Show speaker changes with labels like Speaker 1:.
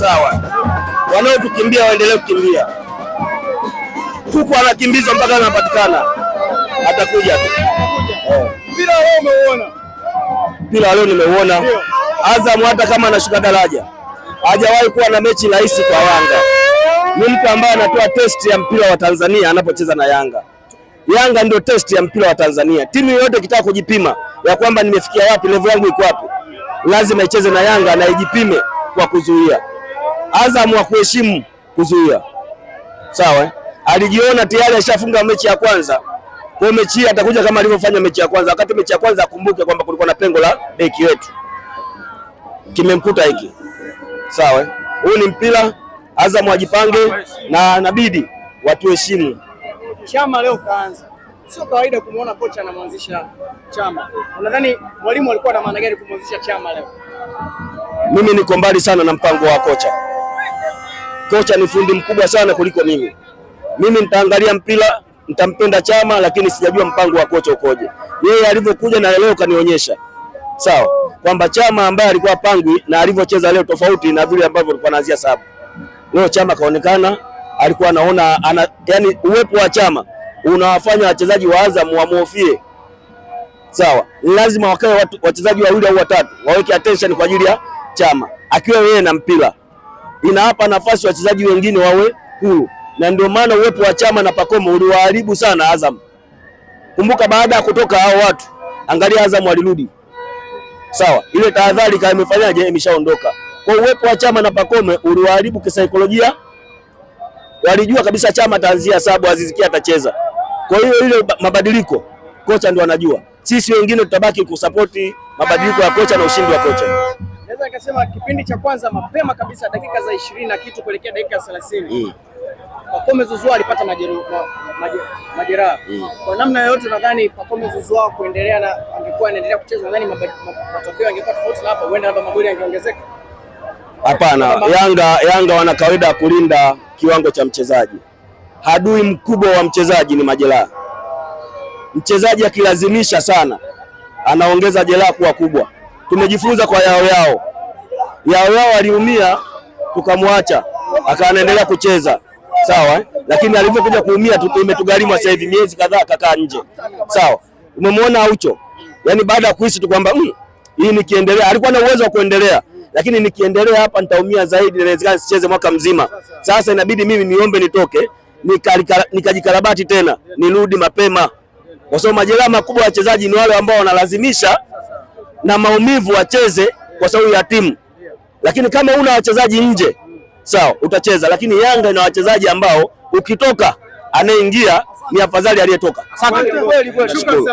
Speaker 1: sawa, wanaotukimbia waendelee kukimbia huku, anakimbizwa mpaka anapatikana, atakuja tu.
Speaker 2: Mpira oh. leo umeuona?
Speaker 1: Mpira leo nimeuona. Azam hata kama anashuka daraja hajawahi kuwa na mechi rahisi kwa Yanga. Ni mtu ambaye anatoa testi ya mpira wa Tanzania anapocheza na Yanga. Yanga ndio testi ya mpira wa Tanzania. Timu yoyote ikitaka kujipima ya kwamba nimefikia wapi, level yangu iko wapi, lazima icheze na Yanga na ijipime kwa kuzuia Azam wa kuheshimu kuzuia, sawa. Eh? Alijiona tayari ashafunga mechi ya kwanza, kwa mechi hii atakuja kama alivyofanya mechi ya kwanza. Wakati mechi ya kwanza akumbuke kwamba kulikuwa na pengo la beki wetu, kimemkuta hiki, sawa. Eh? Huu ni mpira, Azam wajipange na inabidi watuheshimu.
Speaker 2: Chama leo kaanza Sio kawaida kumuona kocha anamwanzisha Chama. Unadhani mwalimu alikuwa na maana gani kumwanzisha Chama leo?
Speaker 1: Mimi niko mbali sana na mpango wa kocha kocha ni fundi mkubwa sana kuliko mimi. Mimi nitaangalia mpira, nitampenda Chama, lakini sijajua mpango wa kocha ukoje. Yeye alivyokuja na leo kanionyesha sawa kwamba Chama ambaye alikuwa pangwi na alivyocheza leo tofauti na vile ambavyo alikuwa anaanzia saba. Leo Chama kaonekana alikuwa anaona ana, yani uwepo wa Chama unawafanya wachezaji wa Azam wamhofie. Sawa, lazima wakae wachezaji wawili au watatu waweke attention kwa ajili ya Chama akiwa yeye na mpira inawapa nafasi wachezaji wengine wawe huru, na ndio maana uwepo wa Chama na Pakome uliwaharibu sana Azam. Kumbuka baada ya kutoka hao watu, angalia Azam walirudi sawa, ile tahadhari kama imefanyaje, imeshaondoka. Kwa uwepo wa Chama na Pakome uliwaharibu kisaikolojia, walijua kabisa Chama taanzia sababu Azizikia atacheza. Kwa hiyo ile mabadiliko kocha ndio anajua, sisi wengine tutabaki kusapoti mabadiliko ya kocha na ushindi wa kocha
Speaker 2: naweza nikasema kipindi cha kwanza mapema kabisa dakika za ishirini na kitu kuelekea dakika ya thelathini Pacome mm. Zouzoua alipata majeraha mm. Kwa namna yoyote nadhani Pacome Zouzoua kuendelea na angekuwa anaendelea kucheza, nadhani matokeo yangekuwa tofauti na hapa, huenda hata magoli yangeongezeka.
Speaker 1: Hapana, Yanga Yanga wana kawaida ya kulinda kiwango cha mchezaji. Adui mkubwa wa mchezaji ni majeraha. Mchezaji akilazimisha sana anaongeza jeraha kuwa kubwa tumejifunza kwa yao yao yao yao, aliumia tukamwacha, akawa anaendelea kucheza sawa eh? Lakini alivyokuja kuumia imetugharimu sasa hivi miezi kadhaa kakaa nje sawa. Umemwona Aucho, yani baada ya kuhisi tu kwamba mm, hii nikiendelea, alikuwa na uwezo wa kuendelea lakini nikiendelea hapa nitaumia zaidi, inawezekana sicheze mwaka mzima. Sasa inabidi mimi niombe nitoke nikajikarabati tena, nirudi mapema, kwa sababu majeraha makubwa ya wachezaji ni wale ambao wanalazimisha na maumivu wacheze kwa sababu ya timu, lakini kama una wachezaji nje sawa, utacheza. Lakini Yanga ina wachezaji ambao ukitoka, anayeingia ni afadhali aliyetoka.